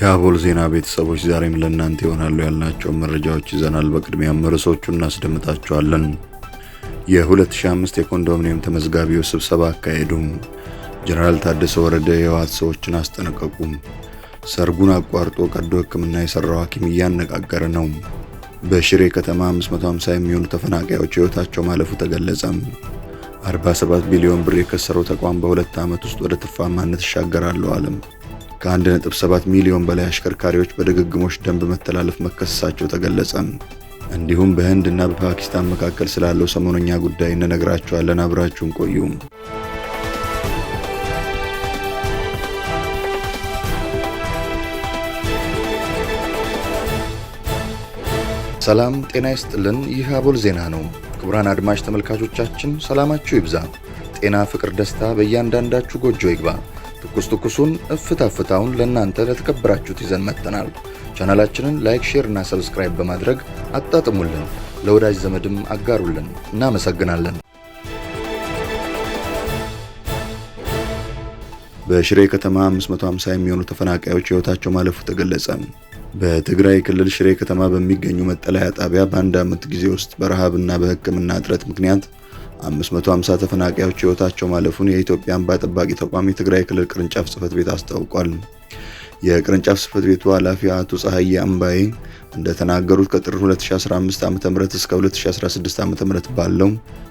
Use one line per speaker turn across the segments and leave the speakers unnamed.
የአቦል ዜና ቤተሰቦች ዛሬም ለእናንተ ይሆናሉ ያልናቸውን መረጃዎች ይዘናል። በቅድሚያም ርዕሶቹ እናስደምጣቸዋለን። የ2005 የኮንዶሚኒየም ተመዝጋቢዎች ስብሰባ አካሄዱም። ጀነራል ታደሰ ወረደ የህወሓት ሰዎችን አስጠነቀቁም። ሰርጉን አቋርጦ ቀዶ ሕክምና የሰራው ሐኪም እያነጋገረ ነው። በሽሬ ከተማ 550 የሚሆኑ ተፈናቃዮች ሕይወታቸው ማለፉ ተገለጸም። 47 ቢሊዮን ብር የከሰረው ተቋም በሁለት ዓመት ውስጥ ወደ ትርፋማነት ይሻገራሉ አለም። ከ1.7 ሚሊዮን በላይ አሽከርካሪዎች በድግግሞሽ ደንብ መተላለፍ መከሰሳቸው ተገለጸ። እንዲሁም በህንድ እና በፓኪስታን መካከል ስላለው ሰሞነኛ ጉዳይ እንነግራችኋለን። አብራችሁን ቆዩ።
ሰላም ጤና ይስጥልን። ይህ አቦል ዜና ነው። ክቡራን አድማጭ ተመልካቾቻችን ሰላማችሁ ይብዛ፣ ጤና፣ ፍቅር፣ ደስታ በእያንዳንዳችሁ ጎጆ ይግባ። ትኩስ ትኩሱን እፍታ ፍታውን ለእናንተ ለተከበራችሁት ይዘን መጥተናል። ቻናላችንን ላይክ፣ ሼር እና ሰብስክራይብ በማድረግ አጣጥሙልን፣ ለወዳጅ ዘመድም አጋሩልን። እናመሰግናለን።
በሽሬ ከተማ 550 የሚሆኑ ተፈናቃዮች ህይወታቸው ማለፉ ተገለጸ። በትግራይ ክልል ሽሬ ከተማ በሚገኙ መጠለያ ጣቢያ በአንድ ዓመት ጊዜ ውስጥ በረሃብና በሕክምና እጥረት ምክንያት 550 ተፈናቃዮች ሕይወታቸው ማለፉን የኢትዮጵያ እንባ ጠባቂ ተቋም የትግራይ ክልል ቅርንጫፍ ጽህፈት ቤት አስታውቋል። የቅርንጫፍ ጽህፈት ቤቱ ኃላፊ አቶ ፀሐይ አምባዬ እንደተናገሩት ከጥር 2015 ዓ ም እስከ 2016 ዓ ም ባለው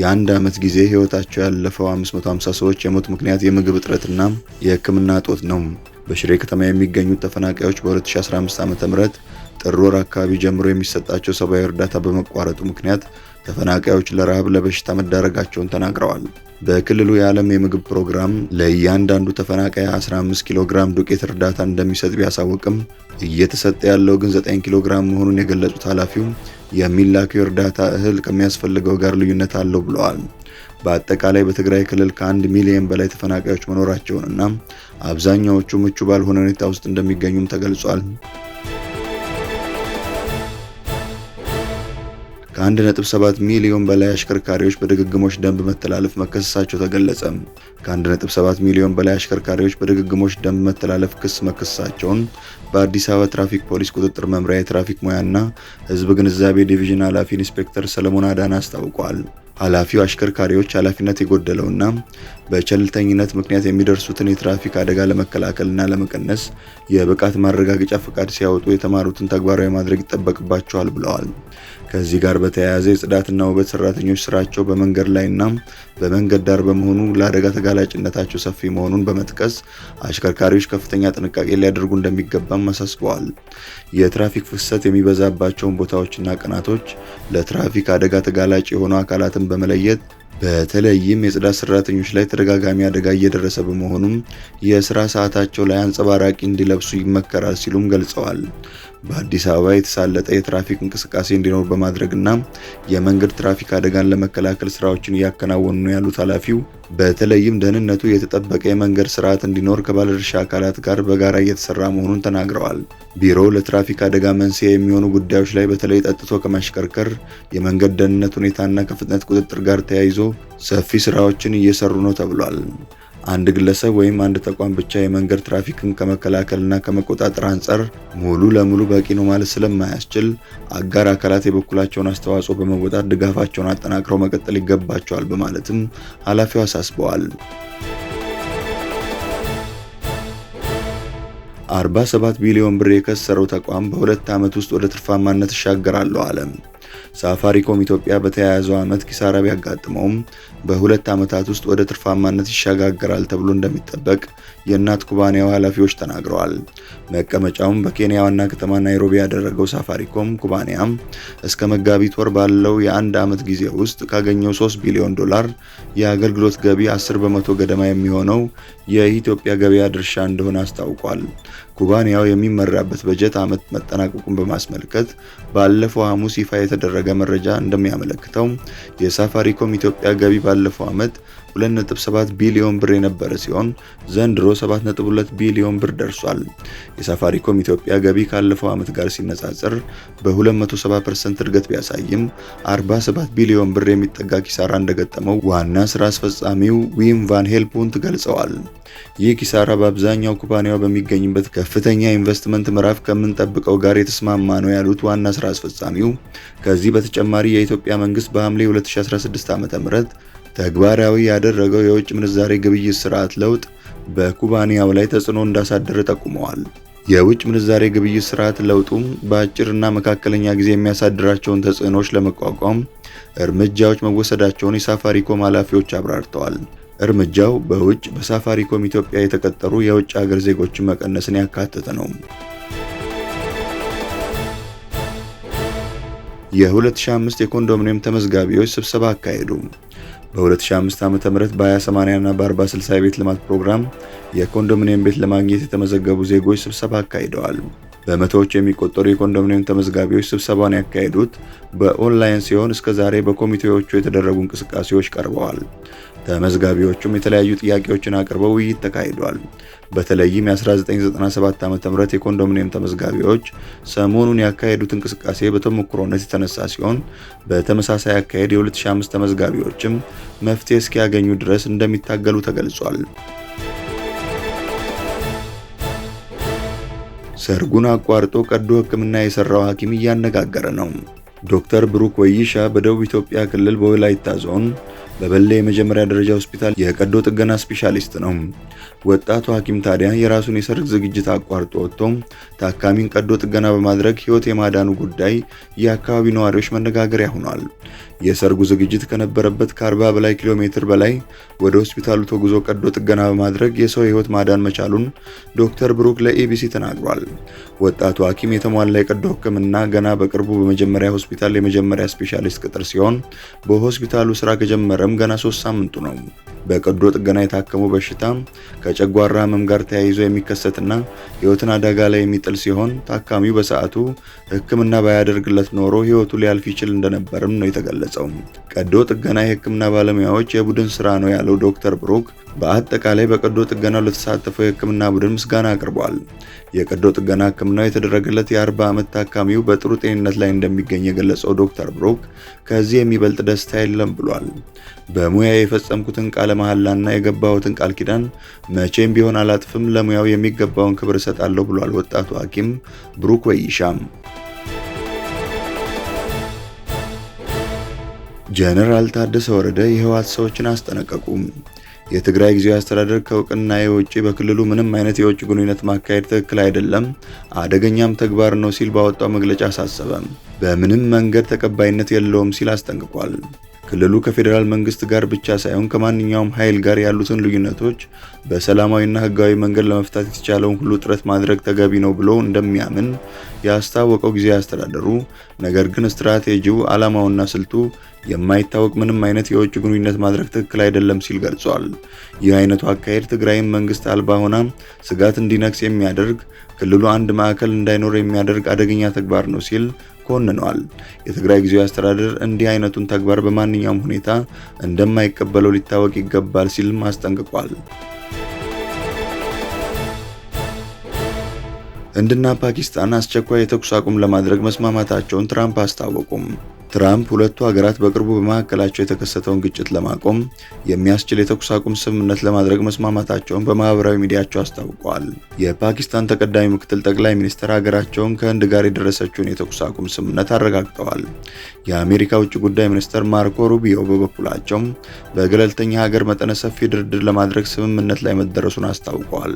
የአንድ ዓመት ጊዜ ህይወታቸው ያለፈው 550 ሰዎች የሞት ምክንያት የምግብ እጥረትና የህክምና እጦት ነው። በሽሬ ከተማ የሚገኙት ተፈናቃዮች በ2015 ዓ ም ጥር ወር አካባቢ ጀምሮ የሚሰጣቸው ሰብአዊ እርዳታ በመቋረጡ ምክንያት ተፈናቃዮች ለረሃብ ለበሽታ መዳረጋቸውን ተናግረዋል። በክልሉ የዓለም የምግብ ፕሮግራም ለእያንዳንዱ ተፈናቃይ 15 ኪሎ ግራም ዱቄት እርዳታ እንደሚሰጥ ቢያሳውቅም እየተሰጠ ያለው ግን 9 ኪሎ ግራም መሆኑን የገለጹት ኃላፊው የሚላከው የእርዳታ እህል ከሚያስፈልገው ጋር ልዩነት አለው ብለዋል። በአጠቃላይ በትግራይ ክልል ከአንድ ሚሊዮን በላይ ተፈናቃዮች መኖራቸውንና አብዛኛዎቹ ምቹ ባልሆነ ሁኔታ ውስጥ እንደሚገኙም ተገልጿል። ከ1.7 ሚሊዮን በላይ አሽከርካሪዎች በድግግሞች ደንብ መተላለፍ መከሰሳቸው ተገለጸ። ከ1.7 ሚሊዮን በላይ አሽከርካሪዎች በድግግሞች ደንብ መተላለፍ ክስ መከሰሳቸውን በአዲስ አበባ ትራፊክ ፖሊስ ቁጥጥር መምሪያ የትራፊክ ሙያና ሕዝብ ግንዛቤ ዲቪዥን ኃላፊ ኢንስፔክተር ሰለሞን አዳና አስታውቋል። ኃላፊው አሽከርካሪዎች ኃላፊነት የጎደለውና በቸልተኝነት ምክንያት የሚደርሱትን የትራፊክ አደጋ ለመከላከልና ለመቀነስ የብቃት ማረጋገጫ ፈቃድ ሲያወጡ የተማሩትን ተግባራዊ ማድረግ ይጠበቅባቸዋል ብለዋል። ከዚህ ጋር በተያያዘ የጽዳትና ውበት ሰራተኞች ስራቸው በመንገድ ላይና በመንገድ ዳር በመሆኑ ለአደጋ ተጋላጭነታቸው ሰፊ መሆኑን በመጥቀስ አሽከርካሪዎች ከፍተኛ ጥንቃቄ ሊያደርጉ እንደሚገባም አሳስበዋል። የትራፊክ ፍሰት የሚበዛባቸውን ቦታዎችና ቀናቶች ለትራፊክ አደጋ ተጋላጭ የሆኑ አካላትን በመለየት በተለይም የጽዳት ሰራተኞች ላይ ተደጋጋሚ አደጋ እየደረሰ በመሆኑም የስራ ሰዓታቸው ላይ አንጸባራቂ እንዲለብሱ ይመከራል ሲሉም ገልጸዋል። በአዲስ አበባ የተሳለጠ የትራፊክ እንቅስቃሴ እንዲኖር በማድረግና የመንገድ ትራፊክ አደጋን ለመከላከል ስራዎችን እያከናወኑ ነው ያሉት ኃላፊው በተለይም ደህንነቱ የተጠበቀ የመንገድ ስርዓት እንዲኖር ከባለድርሻ አካላት ጋር በጋራ እየተሰራ መሆኑን ተናግረዋል። ቢሮው ለትራፊክ አደጋ መንስኤ የሚሆኑ ጉዳዮች ላይ በተለይ ጠጥቶ ከማሽከርከር፣ የመንገድ ደህንነት ሁኔታና ከፍጥነት ቁጥጥር ጋር ተያይዞ ሰፊ ስራዎችን እየሰሩ ነው ተብሏል። አንድ ግለሰብ ወይም አንድ ተቋም ብቻ የመንገድ ትራፊክን ከመከላከልና ከመቆጣጠር አንጻር ሙሉ ለሙሉ በቂ ነው ማለት ስለማያስችል አጋር አካላት የበኩላቸውን አስተዋጽኦ በመወጣት ድጋፋቸውን አጠናክረው መቀጠል ይገባቸዋል በማለትም ኃላፊው አሳስበዋል። 47 ቢሊዮን ብር የከሰረው ተቋም በሁለት ዓመት ውስጥ ወደ ትርፋማነት እሻገራለሁ አለም። ሳፋሪኮም ኢትዮጵያ በተያያዘው ዓመት ኪሳራ ቢያጋጥመውም በሁለት ዓመታት ውስጥ ወደ ትርፋማነት ይሸጋገራል ተብሎ እንደሚጠበቅ የእናት ኩባንያው ኃላፊዎች ተናግረዋል። መቀመጫውም በኬንያ ዋና ከተማ ናይሮቢ ያደረገው ሳፋሪኮም ኩባንያም እስከ መጋቢት ወር ባለው የአንድ ዓመት ጊዜ ውስጥ ካገኘው 3 ቢሊዮን ዶላር የአገልግሎት ገቢ 10 በመቶ ገደማ የሚሆነው የኢትዮጵያ ገበያ ድርሻ እንደሆነ አስታውቋል። ኩባንያው የሚመራበት በጀት ዓመት መጠናቀቁን በማስመልከት ባለፈው ሐሙስ ይፋ የተደረገ መረጃ እንደሚያመለክተው የሳፋሪኮም ኢትዮጵያ ገቢ ባለፈው ዓመት 2.7 ቢሊዮን ብር የነበረ ሲሆን ዘንድሮ 7.2 ቢሊዮን ብር ደርሷል። የሳፋሪኮም ኢትዮጵያ ገቢ ካለፈው ዓመት ጋር ሲነጻጸር በ270% እድገት ቢያሳይም 47 ቢሊዮን ብር የሚጠጋ ኪሳራ እንደገጠመው ዋና ስራ አስፈጻሚው ዊም ቫን ሄልፑንት ገልጸዋል። ይህ ኪሳራ በአብዛኛው ኩባንያው በሚገኝበት ከፍተኛ ኢንቨስትመንት ምዕራፍ ከምንጠብቀው ጋር የተስማማ ነው ያሉት ዋና ስራ አስፈጻሚው ከዚህ በተጨማሪ የኢትዮጵያ መንግስት በሐምሌ 2016 ዓ.ም ተግባራዊ ያደረገው የውጭ ምንዛሬ ግብይት ስርዓት ለውጥ በኩባንያው ላይ ተጽዕኖ እንዳሳደረ ጠቁመዋል። የውጭ ምንዛሬ ግብይት ስርዓት ለውጡ በአጭርና መካከለኛ ጊዜ የሚያሳድራቸውን ተጽዕኖዎች ለመቋቋም እርምጃዎች መወሰዳቸውን የሳፋሪኮም ኃላፊዎች አብራርተዋል። እርምጃው በውጭ በሳፋሪኮም ኢትዮጵያ የተቀጠሩ የውጭ ሀገር ዜጎችን መቀነስን ያካተተ ነው። የ2005 የኮንዶሚኒየም ተመዝጋቢዎች ስብሰባ አካሄዱ። በ2005 ዓ ም በ20/80 እና በ40/60 የቤት ልማት ፕሮግራም የኮንዶሚኒየም ቤት ለማግኘት የተመዘገቡ ዜጎች ስብሰባ አካሂደዋል። በመቶዎች የሚቆጠሩ የኮንዶሚኒየም ተመዝጋቢዎች ስብሰባን ያካሄዱት በኦንላይን ሲሆን እስከዛሬ በኮሚቴዎቹ የተደረጉ እንቅስቃሴዎች ቀርበዋል። ተመዝጋቢዎቹም የተለያዩ ጥያቄዎችን አቅርበው ውይይት ተካሂዷል። በተለይም የ1997 ዓ ም የኮንዶሚኒየም ተመዝጋቢዎች ሰሞኑን ያካሄዱት እንቅስቃሴ በተሞክሮነት የተነሳ ሲሆን በተመሳሳይ አካሄድ የ2005 ተመዝጋቢዎችም መፍትሄ እስኪያገኙ ድረስ እንደሚታገሉ ተገልጿል። ሰርጉን አቋርጦ ቀዶ ሕክምና የሰራው ሐኪም እያነጋገረ ነው። ዶክተር ብሩክ ወይሻ በደቡብ ኢትዮጵያ ክልል በወላይታ ዞን በበሌ የመጀመሪያ ደረጃ ሆስፒታል የቀዶ ጥገና ስፔሻሊስት ነው። ወጣቱ ሐኪም ታዲያ የራሱን የሰርግ ዝግጅት አቋርጦ ወጥቶ ታካሚን ቀዶ ጥገና በማድረግ ህይወት የማዳኑ ጉዳይ የአካባቢው ነዋሪዎች መነጋገሪያ ሆኗል። የሰርጉ ዝግጅት ከነበረበት ከ40 በላይ ኪሎ ሜትር በላይ ወደ ሆስፒታሉ ተጉዞ ቀዶ ጥገና በማድረግ የሰው ህይወት ማዳን መቻሉን ዶክተር ብሩክ ለኤቢሲ ተናግሯል። ወጣቱ ሐኪም የተሟላ የቀዶ ሕክምና ገና በቅርቡ በመጀመሪያ ሆስፒታል የመጀመሪያ ስፔሻሊስት ቅጥር ሲሆን በሆስፒታሉ ስራ ከጀመረ ከጀመረም ገና ሶስት ሳምንቱ ነው። በቀዶ ጥገና የታከመው በሽታ ከጨጓራ ህመም ጋር ተያይዞ የሚከሰትና ህይወትን አደጋ ላይ የሚጥል ሲሆን ታካሚው በሰዓቱ ህክምና ባያደርግለት ኖሮ ህይወቱ ሊያልፍ ይችል እንደነበርም ነው የተገለጸው። ቀዶ ጥገና የህክምና ባለሙያዎች የቡድን ስራ ነው ያለው ዶክተር ብሩክ በአጠቃላይ በቀዶ ጥገናው ለተሳተፈው የህክምና ቡድን ምስጋና አቅርቧል። የቀዶ ጥገና ህክምናው የተደረገለት የ40 ዓመት ታካሚው በጥሩ ጤንነት ላይ እንደሚገኝ የገለጸው ዶክተር ብሮክ ከዚህ የሚበልጥ ደስታ የለም ብሏል። በሙያ የፈጸምኩትን ቃለ መሐላና የገባሁትን ቃል ኪዳን መቼም ቢሆን አላጥፍም፣ ለሙያው የሚገባውን ክብር እሰጣለሁ ብሏል ወጣቱ ሐኪም ብሩክ ወይሻም። ጀነራል ታደሰ ወረደ የህወሓት ሰዎችን አስጠነቀቁ። የትግራይ ጊዜያዊ አስተዳደር ከእውቅና የውጭ በክልሉ ምንም አይነት የውጭ ግንኙነት ማካሄድ ትክክል አይደለም፣ አደገኛም ተግባር ነው ሲል ባወጣው መግለጫ አሳሰበ። በምንም መንገድ ተቀባይነት የለውም ሲል አስጠንቅቋል። ክልሉ ከፌዴራል መንግስት ጋር ብቻ ሳይሆን ከማንኛውም ኃይል ጋር ያሉትን ልዩነቶች በሰላማዊና ህጋዊ መንገድ ለመፍታት የተቻለውን ሁሉ ጥረት ማድረግ ተገቢ ነው ብሎ እንደሚያምን ያስታወቀው ጊዜ አስተዳደሩ፣ ነገር ግን ስትራቴጂው ዓላማውና ስልቱ የማይታወቅ ምንም አይነት የውጭ ግንኙነት ማድረግ ትክክል አይደለም ሲል ገልጿል። ይህ አይነቱ አካሄድ ትግራይን መንግስት አልባ ሆና ስጋት እንዲነክስ የሚያደርግ ክልሉ አንድ ማዕከል እንዳይኖር የሚያደርግ አደገኛ ተግባር ነው ሲል ኮንኗል። የትግራይ ጊዜያዊ አስተዳደር እንዲህ አይነቱን ተግባር በማንኛውም ሁኔታ እንደማይቀበለው ሊታወቅ ይገባል ሲል አስጠንቅቋል። ህንድና ፓኪስታን አስቸኳይ የተኩስ አቁም ለማድረግ መስማማታቸውን ትራምፕ አስታወቁም። ትራምፕ ሁለቱ ሀገራት በቅርቡ በመካከላቸው የተከሰተውን ግጭት ለማቆም የሚያስችል የተኩስ አቁም ስምምነት ለማድረግ መስማማታቸውን በማህበራዊ ሚዲያቸው አስታውቀዋል። የፓኪስታን ተቀዳሚ ምክትል ጠቅላይ ሚኒስትር ሀገራቸውን ከህንድ ጋር የደረሰችውን የተኩስ አቁም ስምምነት አረጋግጠዋል። የአሜሪካ ውጭ ጉዳይ ሚኒስትር ማርኮ ሩቢዮ በበኩላቸው በገለልተኛ ሀገር መጠነ ሰፊ ድርድር ለማድረግ ስምምነት ላይ መደረሱን አስታውቀዋል።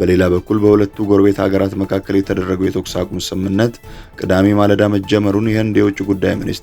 በሌላ በኩል በሁለቱ ጎረቤት ሀገራት መካከል የተደረገው የተኩስ አቁም ስምምነት ቅዳሜ ማለዳ መጀመሩን የህንድ የውጭ ጉዳይ ሚኒስትር